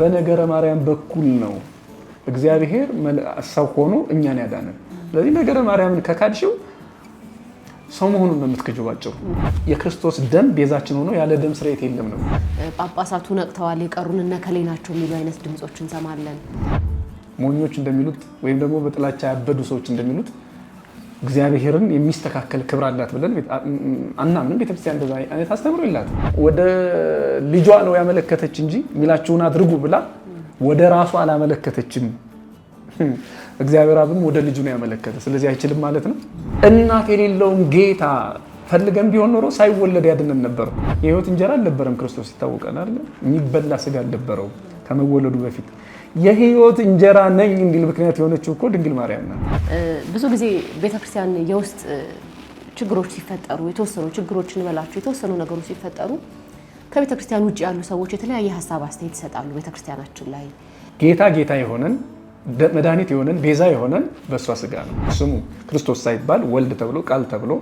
በነገረ ማርያም በኩል ነው እግዚአብሔር ሰው ሆኖ እኛን ያዳነን። ስለዚህ ነገረ ማርያምን ከካድሽው ሰው መሆኑን ነው ባጭሩ የክርስቶስ ደም ቤዛችን ሆኖ ያለ ደም ስርየት የለም ነው። ጳጳሳቱ ነቅተዋል፣ የቀሩን እነ ናቸው የሚሉ አይነት ድምፆች እንሰማለን። ሞኞች እንደሚሉት ወይም ደግሞ በጥላቻ ያበዱ ሰዎች እንደሚሉት እግዚአብሔርን የሚስተካከል ክብር አላት ብለን አናምንም። ቤተክርስቲያን እንደዛ አይነት አስተምሮ የላትም። ወደ ልጇ ነው ያመለከተች እንጂ የሚላችሁን አድርጉ ብላ ወደ ራሷ አላመለከተችም። እግዚአብሔር አብም ወደ ልጁ ነው ያመለከተ። ስለዚህ አይችልም ማለት ነው። እናት የሌለውን ጌታ ፈልገን ቢሆን ኖሮ ሳይወለድ ያድነን ነበር። የህይወት እንጀራ አልነበረም ክርስቶስ ይታወቀናል። የሚበላ ስጋ አልነበረውም ከመወለዱ በፊት የህይወት እንጀራ ነኝ እንዲል ምክንያት የሆነችው እኮ ድንግል ማርያም ነው። ብዙ ጊዜ ቤተክርስቲያን የውስጥ ችግሮች ሲፈጠሩ የተወሰኑ ችግሮች እንበላቸው የተወሰኑ ነገሮች ሲፈጠሩ ከቤተክርስቲያን ውጭ ያሉ ሰዎች የተለያየ ሀሳብ አስተያየት ይሰጣሉ። ቤተክርስቲያናችን ላይ ጌታ ጌታ የሆነን መድኃኒት የሆነን ቤዛ የሆነን በእሷ ስጋ ነው። ስሙ ክርስቶስ ሳይባል ወልድ ተብሎ ቃል ተብሎ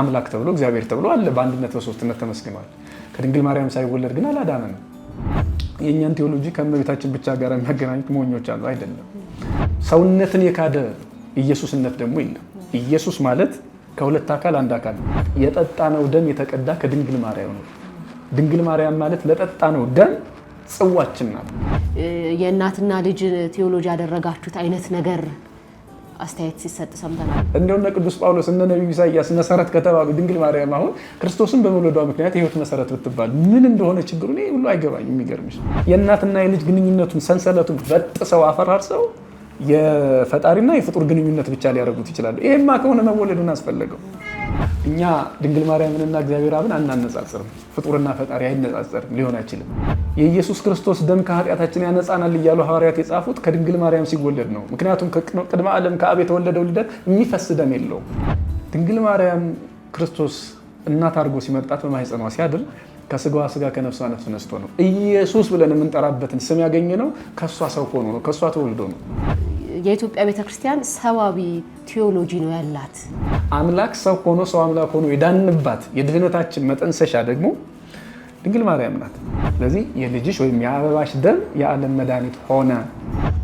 አምላክ ተብሎ እግዚአብሔር ተብሎ አለ። በአንድነት በሶስትነት ተመስግኗል። ከድንግል ማርያም ሳይወለድ ግን አላዳነንም። የእኛን ቴዎሎጂ ከእመቤታችን ብቻ ጋር የሚያገናኙት ሞኞች አሉ አይደለም። ሰውነትን የካደ ኢየሱስነት ደግሞ የለም። ኢየሱስ ማለት ከሁለት አካል አንድ አካል ነው። የጠጣ ነው ደም የተቀዳ ከድንግል ማርያም ነው። ድንግል ማርያም ማለት ለጠጣ ነው ደም ጽዋችን ናት። የእናትና ልጅ ቴዎሎጂ ያደረጋችሁት አይነት ነገር አስተያየት ሲሰጥ ሰምተናል። እንደውነ ቅዱስ ጳውሎስ እነ ነቢዩ ኢሳያስ መሰረት ከተባሉ ድንግል ማርያም አሁን ክርስቶስን በመውለዷ ምክንያት የህይወት መሰረት ብትባል ምን እንደሆነ ችግሩ እኔ ሁሉ አይገባኝም። የሚገርምሽ የእናትና የልጅ ግንኙነቱን ሰንሰለቱን በጥሰው አፈራርሰው የፈጣሪና የፍጡር ግንኙነት ብቻ ሊያደርጉት ይችላሉ። ይሄማ ከሆነ መወለዱን አስፈለገው እኛ ድንግል ማርያምንና እግዚአብሔር አብን አናነጻጽርም። ፍጡርና ፈጣሪ አይነጻጸርም፣ ሊሆን አይችልም። የኢየሱስ ክርስቶስ ደም ከኃጢአታችን ያነጻናል እያሉ ሐዋርያት የጻፉት ከድንግል ማርያም ሲወለድ ነው። ምክንያቱም ቅድመ ዓለም ከአብ የተወለደው ልደት የሚፈስ ደም የለውም። ድንግል ማርያም ክርስቶስ እናት አድርጎ ሲመጣት በማህፀኗ ሲያድር ከስጋዋ ስጋ ከነፍሷ ነፍስ ነስቶ ነው። ኢየሱስ ብለን የምንጠራበትን ስም ያገኘ ነው ከእሷ ሰው ሆኖ ነው፣ ከእሷ ተወልዶ ነው። የኢትዮጵያ ቤተክርስቲያን ሰብአዊ ቴዎሎጂ ነው ያላት። አምላክ ሰው ሆኖ ሰው አምላክ ሆኖ የዳንባት የድህነታችን መጠንሰሻ ደግሞ ድንግል ማርያም ናት። ስለዚህ የልጅሽ ወይም የአበባሽ ደም የዓለም መድኃኒት ሆነ።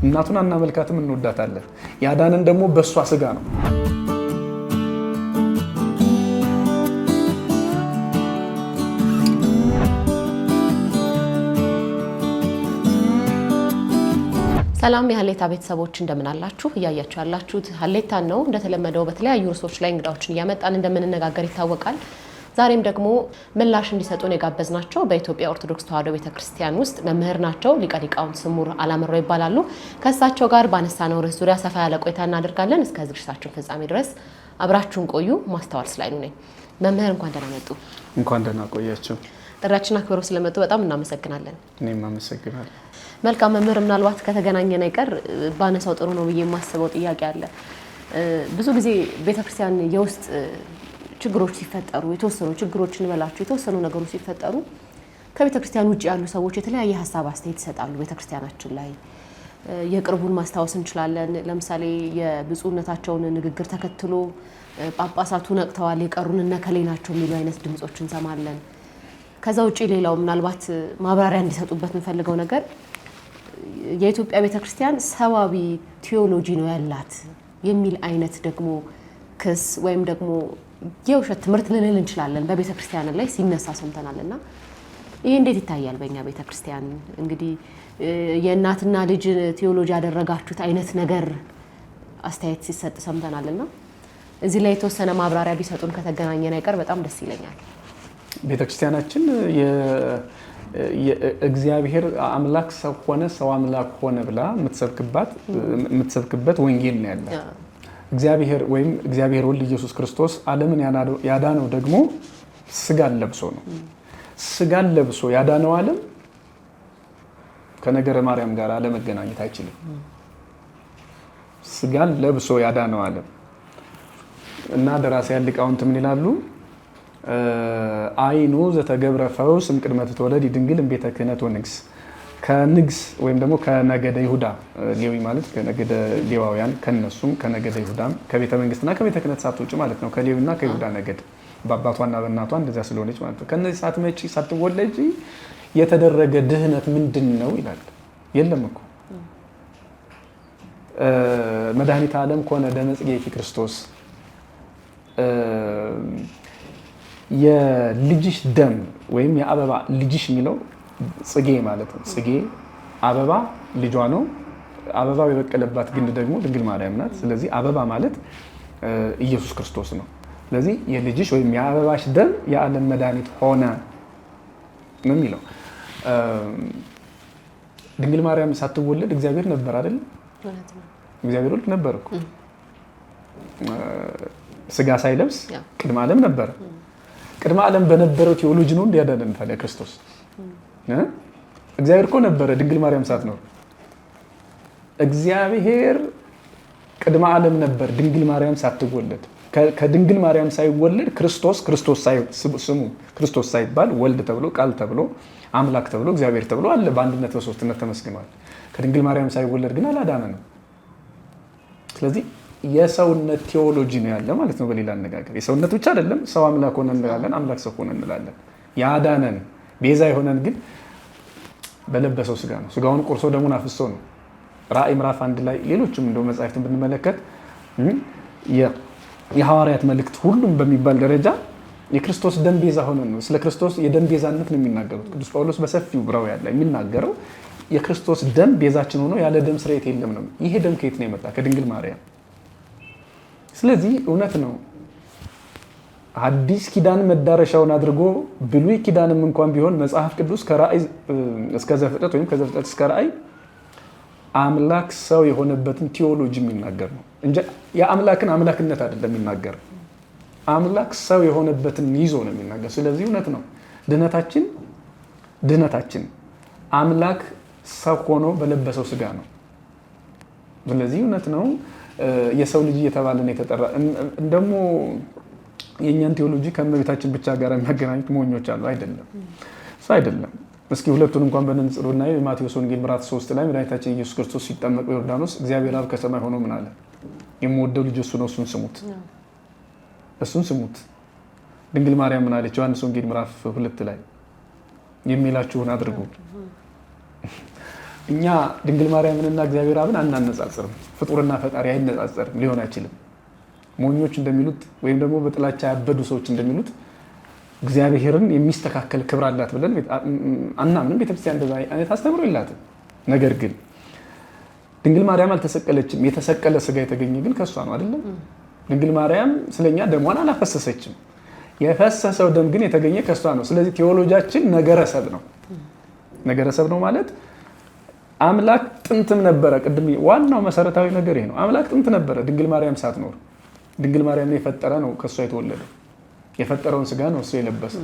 እናቱን አናመልካትም፣ እንወዳታለን። ያዳንን ደግሞ በእሷ ስጋ ነው። ሰላም የሀሌታ ቤተሰቦች እንደምን አላችሁ? እያያችሁ ያላችሁት ሀሌታን ነው። እንደተለመደው በተለያዩ ርዕሶች ላይ እንግዳዎችን እያመጣን እንደምንነጋገር ይታወቃል። ዛሬም ደግሞ ምላሽ እንዲሰጡን የጋበዝ ናቸው በኢትዮጵያ ኦርቶዶክስ ተዋሕዶ ቤተክርስቲያን ውስጥ መምህር ናቸው። ሊቀ ሊቃውንት ስሙር አላምረው ይባላሉ። ከእሳቸው ጋር ባነሳነው ርዕስ ዙሪያ ሰፋ ያለ ቆይታ እናደርጋለን። እስከ ዝግጅታችን ፍጻሜ ድረስ አብራችሁን ቆዩ። ማስተዋል ስላይኑ ነኝ። መምህር እንኳን ደህና መጡ። እንኳን ደህና ቆያችሁ። ጥሪያችን አክብረው ስለመጡ በጣም እናመሰግናለን። እኔም አመሰግናለሁ። መልካም መምህር፣ ምናልባት ከተገናኘን አይቀር ባነሳው ጥሩ ነው ብዬ የማስበው ጥያቄ አለ። ብዙ ጊዜ ቤተክርስቲያን የውስጥ ችግሮች ሲፈጠሩ የተወሰኑ ችግሮች እንበላቸው የተወሰኑ ነገሮች ሲፈጠሩ ከቤተክርስቲያን ውጭ ያሉ ሰዎች የተለያየ ሀሳብ አስተያየት ይሰጣሉ ቤተክርስቲያናችን ላይ የቅርቡን ማስታወስ እንችላለን። ለምሳሌ የብፁዕነታቸውን ንግግር ተከትሎ ጳጳሳቱ ነቅተዋል፣ የቀሩን እነከሌ ናቸው የሚሉ አይነት ድምጾች እንሰማለን። ከዛ ውጭ ሌላው ምናልባት ማብራሪያ እንዲሰጡበት የምንፈልገው ነገር የኢትዮጵያ ቤተ ክርስቲያን ሰብአዊ ቴዎሎጂ ነው ያላት የሚል አይነት ደግሞ ክስ ወይም ደግሞ የውሸት ትምህርት ልንል እንችላለን በቤተ ክርስቲያን ላይ ሲነሳ ሰምተናል። እና ይህ እንዴት ይታያል በእኛ ቤተ ክርስቲያን? እንግዲህ የእናትና ልጅ ቴዎሎጂ ያደረጋችሁት አይነት ነገር አስተያየት ሲሰጥ ሰምተናል። እና እዚህ ላይ የተወሰነ ማብራሪያ ቢሰጡን ከተገናኘን አይቀር በጣም ደስ ይለኛል። ቤተክርስቲያናችን እግዚአብሔር አምላክ ሰው ሆነ ሰው አምላክ ሆነ ብላ የምትሰብክበት ወንጌል ነው ያለ እግዚአብሔር ወይም እግዚአብሔር ወልድ ኢየሱስ ክርስቶስ ዓለምን ያዳነው ደግሞ ስጋን ለብሶ ነው። ስጋን ለብሶ ያዳነው ዓለም ከነገረ ማርያም ጋር አለመገናኘት አይችልም። ስጋን ለብሶ ያዳነው ዓለም እና ደራሲያን ሊቃውንት ምን ይላሉ? አይኑ ዘተገብረ ፈውስ እምቅድመ ትትወለድ ድንግል እምቤተ ክህነት ወንግስ ከንግስ ወይም ደግሞ ከነገደ ይሁዳ ሌዊ ማለት ከነገደ ሌዋውያን ከነሱም ከነገደ ይሁዳም ከቤተ መንግስትና ከቤተ ክህነት ሳትወጪ ማለት ነው። ከሌዊና ከይሁዳ ነገድ በአባቷና በእናቷ እንደዚያ ስለሆነች ማለት ነው። ከነዚህ ሳትመጪ ሳትወለጂ የተደረገ ድህነት ምንድን ነው ይላል። የለም እኮ መድኃኒተ ዓለም ከሆነ ደመጽጌ ክርስቶስ የልጅሽ ደም ወይም የአበባ ልጅሽ የሚለው ጽጌ ማለት ነው። ጽጌ አበባ ልጇ ነው። አበባው የበቀለባት ግንድ ደግሞ ድንግል ማርያም ናት። ስለዚህ አበባ ማለት ኢየሱስ ክርስቶስ ነው። ስለዚህ የልጅሽ ወይም የአበባሽ ደም የዓለም መድኃኒት ሆነ ነው የሚለው። ድንግል ማርያም ሳትወለድ እግዚአብሔር ነበር አይደል? እግዚአብሔር ወልድ ነበር እኮ ስጋ ሳይለብስ ቅድመ ዓለም ነበር። ቅድመ ዓለም በነበረው ቴዎሎጂ ነው እንዲያዳነን ታዲያ ክርስቶስ። እግዚአብሔር እኮ ነበረ ድንግል ማርያም ነው እግዚአብሔር ቅድመ ዓለም ነበር ድንግል ማርያም ሳትወለድ። ከድንግል ማርያም ሳይወለድ ክርስቶስ ክርስቶስ ስሙ ክርስቶስ ሳይባል ወልድ ተብሎ ቃል ተብሎ አምላክ ተብሎ እግዚአብሔር ተብሎ አለ በአንድነት በሶስትነት ተመስግኗል። ከድንግል ማርያም ሳይወለድ ግን አላዳነ ነው። ስለዚህ የሰውነት ቴዎሎጂ ነው ያለ ማለት ነው። በሌላ አነጋገር የሰውነት ብቻ አይደለም። ሰው አምላክ ሆነ እንላለን፣ አምላክ ሰው ሆነ እንላለን። ያዳነን ቤዛ የሆነን ግን በለበሰው ስጋ ነው። ስጋውን ቆርሶ ደሙን አፍሶ ነው። ራእይ ምዕራፍ አንድ ላይ ሌሎችም እንደ መጽሐፍትን ብንመለከት የሐዋርያት መልእክት ሁሉም በሚባል ደረጃ የክርስቶስ ደም ቤዛ ሆነን ነው። ስለ ክርስቶስ የደም ቤዛነት ነው የሚናገሩት። ቅዱስ ጳውሎስ በሰፊው ብራው ያለ የሚናገረው የክርስቶስ ደም ቤዛችን ሆኖ ያለ ደም ስርየት የለም ነው። ይሄ ደም ከየት ነው የመጣ? ከድንግል ማርያም ስለዚህ እውነት ነው። አዲስ ኪዳን መዳረሻውን አድርጎ ብሉይ ኪዳንም እንኳን ቢሆን መጽሐፍ ቅዱስ ከራእይ እስከ ዘፍጠት ወይም ከዘፍጠት እስከ ራእይ አምላክ ሰው የሆነበትን ቲዎሎጂ የሚናገር ነው የአምላክን አምላክነት አይደለም የሚናገር። አምላክ ሰው የሆነበትን ይዞ ነው የሚናገር። ስለዚህ እውነት ነው ድነታችን ድነታችን አምላክ ሰው ሆኖ በለበሰው ስጋ ነው። ስለዚህ እውነት ነው የሰው ልጅ ነው የተጠራ ደግሞ የእኛን ቴዎሎጂ ከእመቤታችን ብቻ ጋር የሚያገናኙት ሞኞች አሉ። አይደለም እሱ አይደለም። እስኪ ሁለቱን እንኳን በንጽሩ ና የማቴዎስ ወንጌል ምዕራፍ ሶስት ላይ መድኃኒታችን ኢየሱስ ክርስቶስ ሲጠመቅ ዮርዳኖስ እግዚአብሔር አብ ከሰማይ ሆኖ ምን አለ? የምወደው ልጅ እሱ ነው፣ እሱን ስሙት፣ እሱን ስሙት። ድንግል ማርያም ምን አለች? ዮሐንስ ወንጌል ምዕራፍ ሁለት ላይ የሚላችሁን አድርጉ እኛ ድንግል ማርያምንና እግዚአብሔር አብን አናነጻጽርም። ፍጡርና ፈጣሪ አይነጻጸርም፣ ሊሆን አይችልም። ሞኞች እንደሚሉት ወይም ደግሞ በጥላቻ ያበዱ ሰዎች እንደሚሉት እግዚአብሔርን የሚስተካከል ክብር አላት ብለን አናምንም። ቤተክርስቲያን እንደዛ አይነት አስተምሮ የላትም። ነገር ግን ድንግል ማርያም አልተሰቀለችም። የተሰቀለ ስጋ የተገኘ ግን ከእሷ ነው አይደለም። ድንግል ማርያም ስለኛ ደሟን አላፈሰሰችም። የፈሰሰው ደም ግን የተገኘ ከእሷ ነው። ስለዚህ ቴዎሎጂያችን ነገረሰብ ነው። ነገረሰብ ነው ማለት አምላክ ጥንትም ነበረ። ቅድም ዋናው መሰረታዊ ነገር ይሄ ነው። አምላክ ጥንት ነበረ፣ ድንግል ማርያም ሳትኖር። ድንግል ማርያም የፈጠረ ነው፣ ከእሷ የተወለደ የፈጠረውን ስጋ ነው እሱ የለበሰ።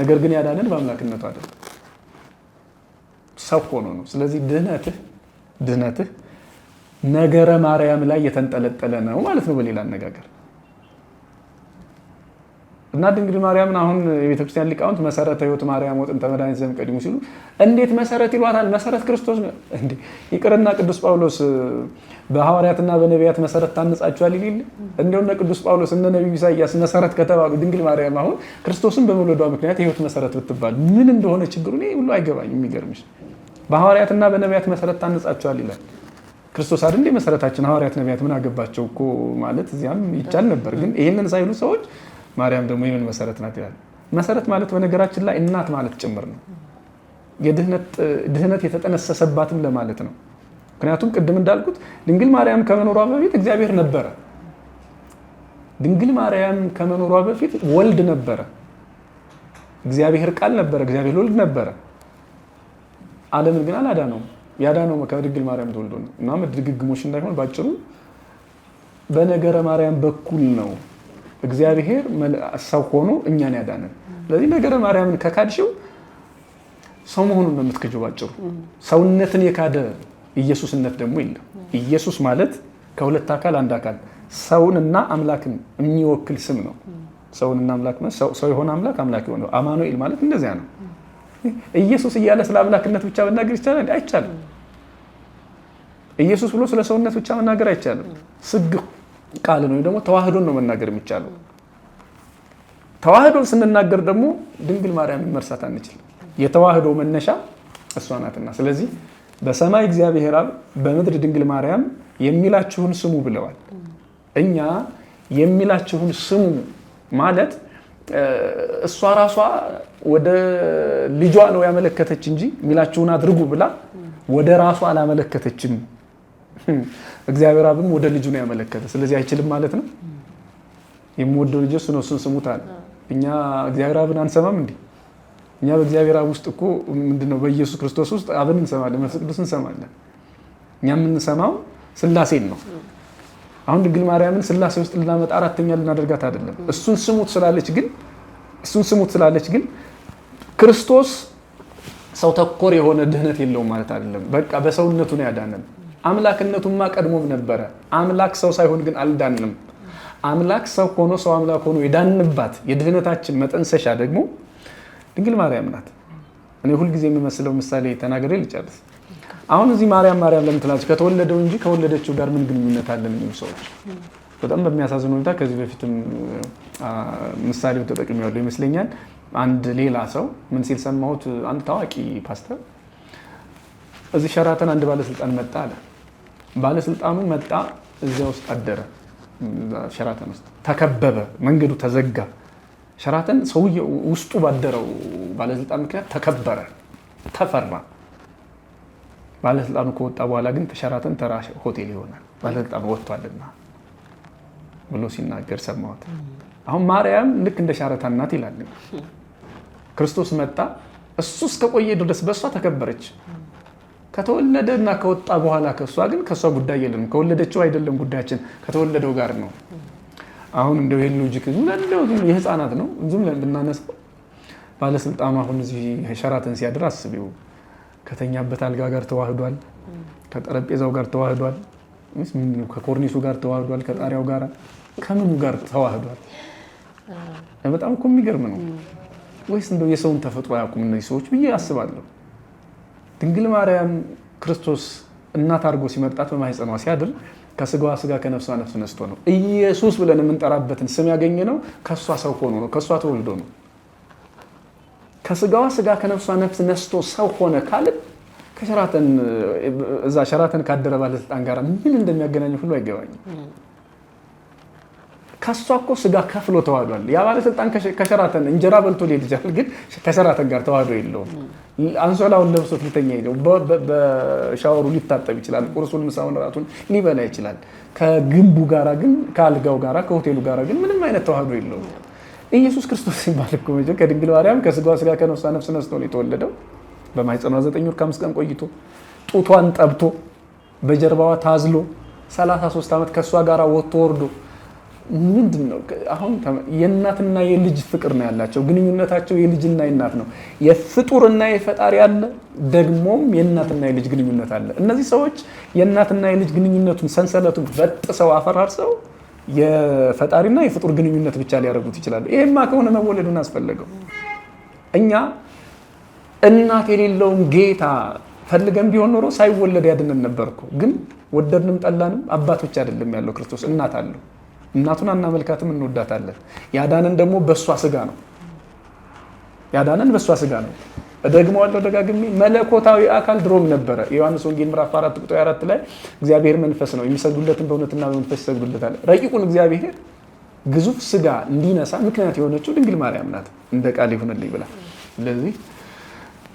ነገር ግን ያዳነን በአምላክነቱ አለ ሰው ሆኖ ነው። ስለዚህ ድህነትህ ድህነትህ ነገረ ማርያም ላይ የተንጠለጠለ ነው ማለት ነው በሌላ አነጋገር እና ድንግል ማርያምን አሁን የቤተክርስቲያን ሊቃውንት መሰረተ ህይወት ማርያም ወጥንተ መድኃኒት ቀድሙ ሲሉ እንዴት መሰረት ይሏታል? መሰረት ክርስቶስ ይቅርና ቅዱስ ጳውሎስ በሐዋርያትና በነቢያት መሰረት ታንጻችኋል ይል እንዲሁ ቅዱስ ጳውሎስ እነ ነቢዩ ኢሳያስ መሰረት ከተባሉ ድንግል ማርያም አሁን ክርስቶስን በመውለዷ ምክንያት ህይወት መሰረት ብትባል ምን እንደሆነ ችግሩ እኔ ሁሉ አይገባኝ። የሚገርምሽ በሐዋርያትና በነቢያት መሰረት ታንጻችኋል ይላል ክርስቶስ አይደል መሰረታችን? ሐዋርያት ነቢያት ምን አገባቸው እኮ ማለት እዚያም ይቻል ነበር። ግን ይህንን ሳይሉ ሰዎች ማርያም ደግሞ የምን መሰረት ናት ይላል። መሰረት ማለት በነገራችን ላይ እናት ማለት ጭምር ነው። ድህነት የተጠነሰሰባትም ለማለት ነው። ምክንያቱም ቅድም እንዳልኩት ድንግል ማርያም ከመኖሯ በፊት እግዚአብሔር ነበረ። ድንግል ማርያም ከመኖሯ በፊት ወልድ ነበረ። እግዚአብሔር ቃል ነበረ፣ እግዚአብሔር ወልድ ነበረ። ዓለምን ግን አላዳነውም። ያዳነው ከድንግል ማርያም ተወልዶ ነው። እናም ድግግሞች እንዳይሆን ባጭሩ በነገረ ማርያም በኩል ነው እግዚአብሔር ሰው ሆኖ እኛን ያዳንን። ስለዚህ ነገረ ማርያምን ከካድሽው ሰው መሆኑን ነው የምትክጂው። ባጭሩ ሰውነትን የካደ ኢየሱስነት ደግሞ የለም። ኢየሱስ ማለት ከሁለት አካል አንድ አካል ሰውንና አምላክን የሚወክል ስም ነው። ሰውንና አምላክ ሰው የሆነ አምላክ አምላክ የሆነ አማኑኤል ማለት እንደዚያ ነው። ኢየሱስ እያለ ስለ አምላክነት ብቻ መናገር ይቻላል? አይቻልም። ኢየሱስ ብሎ ስለ ሰውነት ብቻ መናገር አይቻልም። ስግ ቃልን ወይም ደግሞ ተዋህዶን ነው መናገር የሚቻለው። ተዋህዶን ስንናገር ደግሞ ድንግል ማርያምን መርሳት አንችል። የተዋህዶ መነሻ እሷ ናትና፣ ስለዚህ በሰማይ እግዚአብሔር አብ በምድር ድንግል ማርያም የሚላችሁን ስሙ ብለዋል። እኛ የሚላችሁን ስሙ ማለት እሷ ራሷ ወደ ልጇ ነው ያመለከተች እንጂ የሚላችሁን አድርጉ ብላ ወደ ራሷ አላመለከተችም። እግዚአብሔር አብን ወደ ልጁ ነው ያመለከተ። ስለዚህ አይችልም ማለት ነው። የምወደው ልጅ እሱ ነው፣ እሱን ስሙት አለ። እኛ እግዚአብሔር አብን አንሰማም እንዴ? እኛ በእግዚአብሔር አብ ውስጥ እኮ ምንድነው በኢየሱስ ክርስቶስ ውስጥ አብን እንሰማለን፣ መንፈስ ቅዱስ እንሰማለን። እኛ የምንሰማው ስላሴን ነው። አሁን ድንግል ማርያምን ስላሴ ውስጥ ልናመጣ አራተኛ ልናደርጋት አይደለም። እሱን ስሙት ስላለች ግን እሱን ስሙት ስላለች ግን ክርስቶስ ሰው ተኮር የሆነ ድህነት የለውም ማለት አይደለም። በቃ በሰውነቱ ነው ያዳነን። አምላክነቱማ ቀድሞም ነበረ። አምላክ ሰው ሳይሆን ግን አልዳንም። አምላክ ሰው ሆኖ ሰው አምላክ ሆኖ የዳንባት የድህነታችን መጠንሰሻ ደግሞ ድንግል ማርያም ናት። እኔ ሁልጊዜ የምመስለው ምሳሌ ተናግሬ ልጨርስ። አሁን እዚህ ማርያም ማርያም ለምትላቸው ከተወለደው እንጂ ከወለደችው ጋር ምን ግንኙነት አለን የሚሉ ሰዎች በጣም በሚያሳዝን ሁኔታ ከዚህ በፊትም ምሳሌውን ተጠቅሜዋለሁ ይመስለኛል። አንድ ሌላ ሰው ምን ሲል ሰማሁት? አንድ ታዋቂ ፓስተር እዚህ ሸራተን አንድ ባለስልጣን መጣ አለ። ባለስልጣኑ መጣ፣ እዚያ ውስጥ አደረ። ሸራተን ውስጥ ተከበበ፣ መንገዱ ተዘጋ። ሸራተን ሰውዬው ውስጡ ባደረው ባለስልጣን ምክንያት ተከበረ፣ ተፈራ። ባለስልጣኑ ከወጣ በኋላ ግን ሸራተን ተራ ሆቴል ይሆናል። ባለስልጣኑ ወጥቷልና ብሎ ሲናገር ሰማሁት። አሁን ማርያም ልክ እንደ ሻረታ ናት ይላል። ክርስቶስ መጣ፣ እሱ እስከቆየ ድረስ በእሷ ተከበረች። ከተወለደ እና ከወጣ በኋላ ከእሷ ግን ከእሷ ጉዳይ የለም። ከወለደችው አይደለም ጉዳያችን፣ ከተወለደው ጋር ነው። አሁን እንደው ይህን ሎጂክ የህፃናት ነው ዝም ብናነሳው፣ ባለስልጣኑ አሁን እዚህ ሸራተን ሲያድር አስቢው፣ ከተኛበት አልጋ ጋር ተዋህዷል፣ ከጠረጴዛው ጋር ተዋህዷል፣ ከኮርኒሱ ጋር ተዋህዷል፣ ከጣሪያው ጋር ከምኑ ጋር ተዋህዷል። በጣም እኮ የሚገርም ነው። ወይስ እንደው የሰውን ተፈጥሮ አያውቁም እነዚህ ሰዎች ብዬ አስባለሁ። ድንግል ማርያም ክርስቶስ እናት አድርጎ ሲመርጣት በማህፀኗ ሲያድር ከስጋዋ ስጋ ከነፍሷ ነፍስ ነስቶ ነው። ኢየሱስ ብለን የምንጠራበትን ስም ያገኘ ነው ከእሷ ሰው ሆኖ ነው፣ ከእሷ ተወልዶ ነው። ከስጋዋ ስጋ ከነፍሷ ነፍስ ነስቶ ሰው ሆነ ካልን ከሸራተን እዛ ሸራተን ካደረ ባለስልጣን ጋር ምን እንደሚያገናኘው ሁሉ አይገባኝም። ከሷ እኮ ስጋ ከፍሎ ተዋህዷል። ያ ባለስልጣን ከሸራተን እንጀራ በልቶ ሊሄድ ይችላል፣ ግን ከሸራተን ጋር ተዋህዶ የለውም። አንሶላውን ለብሶት ሊተኛ ሄደው በሻወሩ ሊታጠብ ይችላል። ቁርሱን፣ ምሳውን፣ ራቱን ሊበላ ይችላል። ከግንቡ ጋራ ግን ከአልጋው ጋራ ከሆቴሉ ጋራ ግን ምንም አይነት ተዋህዶ የለውም። ኢየሱስ ክርስቶስ ሲባል እኮ ከድንግል ማርያም ከስጋ ስጋ ከነፍሷ ነፍስ ነስቶ ነው የተወለደው። በማኅፀኗ ዘጠኝ ወር ከአምስት ቀን ቆይቶ ጡቷን ጠብቶ በጀርባዋ ታዝሎ 33 ዓመት ከእሷ ጋር ወጥቶ ወርዶ ምንድን ነው አሁን የእናትና የልጅ ፍቅር ነው ያላቸው ግንኙነታቸው የልጅና የእናት ነው የፍጡርና የፈጣሪ አለ ደግሞም የእናትና የልጅ ግንኙነት አለ እነዚህ ሰዎች የእናትና የልጅ ግንኙነቱን ሰንሰለቱን በጥሰው አፈራርሰው የፈጣሪና የፍጡር ግንኙነት ብቻ ሊያደርጉት ይችላሉ ይሄማ ከሆነ መወለዱን አስፈለገው እኛ እናት የሌለውን ጌታ ፈልገን ቢሆን ኖሮ ሳይወለድ ያድነን ነበር እኮ ግን ወደድንም ጠላንም አባቶች አይደለም ያለው ክርስቶስ እናት አለው እናቱን አናመልካትም፣ እንወዳታለን። ያዳነን ደግሞ በእሷ ስጋ ነው። ያዳነን በእሷ ስጋ ነው። እደግመዋለሁ ደጋግሜ፣ መለኮታዊ አካል ድሮም ነበረ። የዮሐንስ ወንጌል ምዕራፍ 4 ቁጥር 4 ላይ እግዚአብሔር መንፈስ ነው፣ የሚሰግዱለትን በእውነትና በመንፈስ ይሰግዱለታል። ረቂቁን እግዚአብሔር ግዙፍ ስጋ እንዲነሳ ምክንያት የሆነችው ድንግል ማርያም ናት። እንደ ቃል ይሁንልኝ ብላ ስለዚህ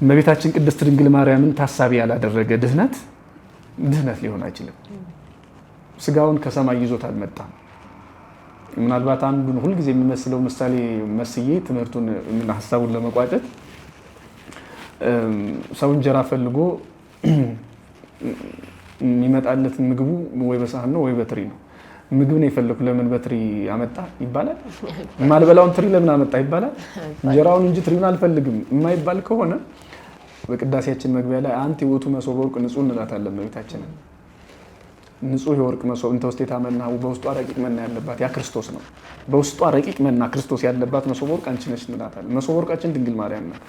እመቤታችን ቅድስት ድንግል ማርያምን ታሳቢ ያላደረገ ድህነት ድህነት ሊሆን አይችልም። ስጋውን ከሰማይ ይዞት አልመጣም። ምናልባት አንዱን ሁልጊዜ የሚመስለው ምሳሌ መስዬ ትምህርቱን እና ሀሳቡን ለመቋጨት ሰው እንጀራ ፈልጎ የሚመጣለት ምግቡ ወይ በሳህን ነው ወይ በትሪ ነው። ምግብ ነው የፈለኩ ለምን በትሪ አመጣ ይባላል? የማልበላውን ትሪ ለምን አመጣ ይባላል? እንጀራውን እንጂ ትሪውን አልፈልግም የማይባል ከሆነ በቅዳሴያችን መግቢያ ላይ አንቲ ውእቱ መሶበ ወርቅ ንጹህ እንላታለን መቤታችንን ንጹህ የወርቅ መሶብ እንተ ውስቴታ መና በውስጧ ረቂቅ መና ያለባት ያ ክርስቶስ ነው። በውስጧ ረቂቅ መና ክርስቶስ ያለባት መሶብ ወርቅ አንቺ ነች እንላታለን። መሶብ ወርቃችን ድንግል ማርያም ናት።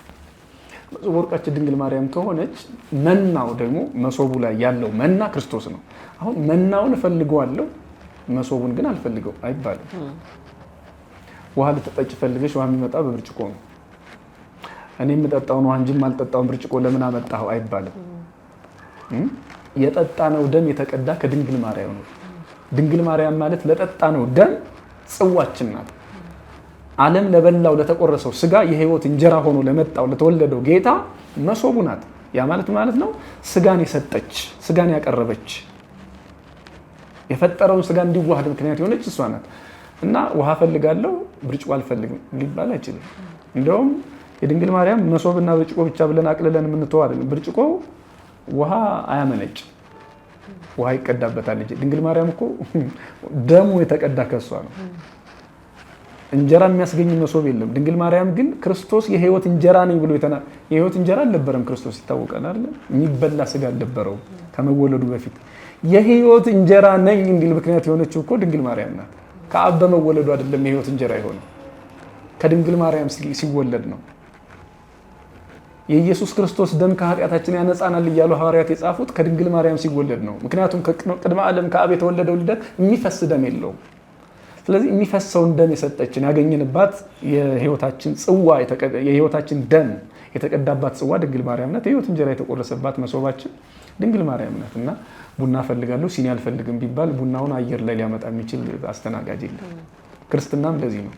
መሶብ ወርቃችን ድንግል ማርያም ከሆነች መናው ደግሞ መሶቡ ላይ ያለው መና ክርስቶስ ነው። አሁን መናውን እፈልገዋለሁ መሶቡን ግን አልፈልገው አይባልም። ውሃ ልትጠጭ ፈልገሽ ውሃ የሚመጣ በብርጭቆ ነው። እኔ የምጠጣውን ውሃ እንጂ የማልጠጣውን ብርጭቆ ለምን አመጣኸው አይባልም። የጠጣነው ደም የተቀዳ ከድንግል ማርያም ነው። ድንግል ማርያም ማለት ለጠጣነው ደም ጽዋችን ናት። ዓለም ለበላው ለተቆረሰው ስጋ የህይወት እንጀራ ሆኖ ለመጣው ለተወለደው ጌታ መሶቡ ናት። ያ ማለት ማለት ነው ስጋን የሰጠች ስጋን ያቀረበች የፈጠረውን ስጋ እንዲዋሃድ ምክንያት የሆነች እሷ ናት እና ውሃ ፈልጋለሁ ብርጭቆ አልፈልግም ሊባል አይችልም። እንደውም የድንግል ማርያም መሶብና ብርጭቆ ብቻ ብለን አቅልለን የምንተው አይደለም። ብርጭቆ ውሃ አያመነጭም፣ ውሃ ይቀዳበታል እንጂ። ድንግል ማርያም እኮ ደሙ የተቀዳ ከእሷ ነው። እንጀራ የሚያስገኝ መሶብ የለም። ድንግል ማርያም ግን ክርስቶስ የህይወት እንጀራ ነኝ ብሎ የተና የህይወት እንጀራ አልነበረም ክርስቶስ አለ የሚበላ ስጋ አልነበረው ከመወለዱ በፊት የህይወት እንጀራ ነኝ እንዲል ምክንያት የሆነችው እኮ ድንግል ማርያም ናት። ከአብ በመወለዱ አይደለም የህይወት እንጀራ የሆነ ከድንግል ማርያም ሲወለድ ነው። የኢየሱስ ክርስቶስ ደም ከኃጢአታችን ያነጻናል እያሉ ሐዋርያት የጻፉት ከድንግል ማርያም ሲወለድ ነው። ምክንያቱም ቅድመ ዓለም ከአብ የተወለደው ልደት የሚፈስ ደም የለውም። ስለዚህ የሚፈሰውን ደም የሰጠችን ያገኘንባት የህይወታችን ጽዋ ደም የተቀዳባት ጽዋ ድንግል ማርያም ናት። የህይወት እንጀራ የተቆረሰባት መሶባችን ድንግል ማርያም ናት እና ቡና እፈልጋለሁ ሲኒ አልፈልግም ቢባል ቡናውን አየር ላይ ሊያመጣ የሚችል አስተናጋጅ የለም። ክርስትናም ለዚህ ነው።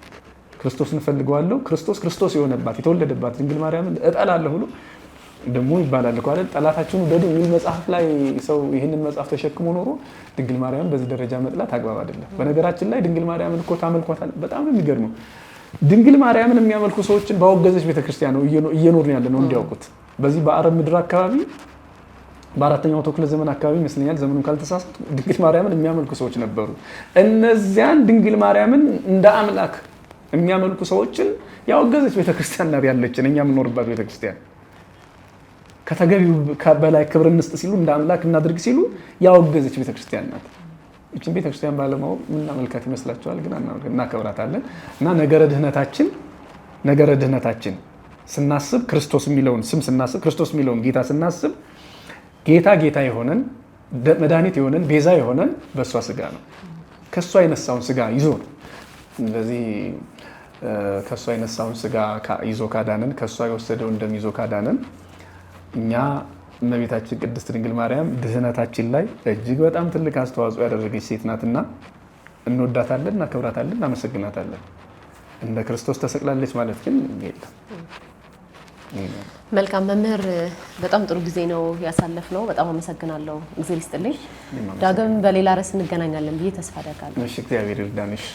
ክርስቶስን እፈልገዋለሁ፣ ክርስቶስ ክርስቶስ የሆነባት የተወለደባት ድንግል ማርያምን እጠላለሁ ብሎ ደግሞ ይባላል እኮ አይደል? ጠላታችሁን ውደዱ የሚል መጽሐፍ ላይ ሰው ይህንን መጽሐፍ ተሸክሞ ኖሮ ድንግል ማርያምን በዚህ ደረጃ መጥላት አግባብ አይደለም። በነገራችን ላይ ድንግል ማርያምን እኮ ታመልኳታል። በጣም ነው የሚገርመው። ድንግል ማርያምን የሚያመልኩ ሰዎችን ባወገዘች ቤተክርስቲያን ነው እየኖርን ያለ ነው እንዲያውቁት። በዚህ በአረብ ምድር አካባቢ በአራተኛው ተኩለ ዘመን አካባቢ ይመስለኛል፣ ዘመኑን ካልተሳሳት ድንግል ማርያምን የሚያመልኩ ሰዎች ነበሩ። እነዚያን ድንግል ማርያምን እንደ አምላክ የሚያመልኩ ሰዎችን ያወገዘች ቤተክርስቲያን ናት ያለችን እኛ የምኖርባት ቤተክርስቲያን። ከተገቢው በላይ ክብር እንስጥ ሲሉ እንደ አምላክ እናድርግ ሲሉ ያወገዘች ቤተክርስቲያን ናት። ይችን ቤተክርስቲያን ባለማወቅ የምናመልካት ይመስላችኋል? ግን እናከብራታለን። እና ነገረ ድህነታችን ነገረ ድህነታችን ስናስብ ክርስቶስ የሚለውን ስም ስናስብ ክርስቶስ የሚለውን ጌታ ስናስብ ጌታ ጌታ የሆነን መድኃኒት የሆነን ቤዛ የሆነን በእሷ ስጋ ነው ከእሷ የነሳውን ስጋ ይዞ ነው። ስለዚህ ከእሷ የነሳውን ስጋ ይዞ ካዳንን ከእሷ የወሰደው እንደሚይዞ ካዳንን እኛ እመቤታችን ቅድስት ድንግል ማርያም ድህነታችን ላይ እጅግ በጣም ትልቅ አስተዋጽኦ ያደረገች ሴት ናትና እንወዳታለን፣ እናከብራታለን፣ እናመሰግናታለን። እንደ ክርስቶስ ተሰቅላለች ማለት ግን የለም። መልካም መምህር፣ በጣም ጥሩ ጊዜ ነው ነው። በጣም አመሰግናለሁ። እግዜር ይስጥልኝ። ዳግም በሌላ ርዕስ እንገናኛለን ብዬ ተስፋ አደርጋለሁ። እግዚአብሔር ይርዳንሽ።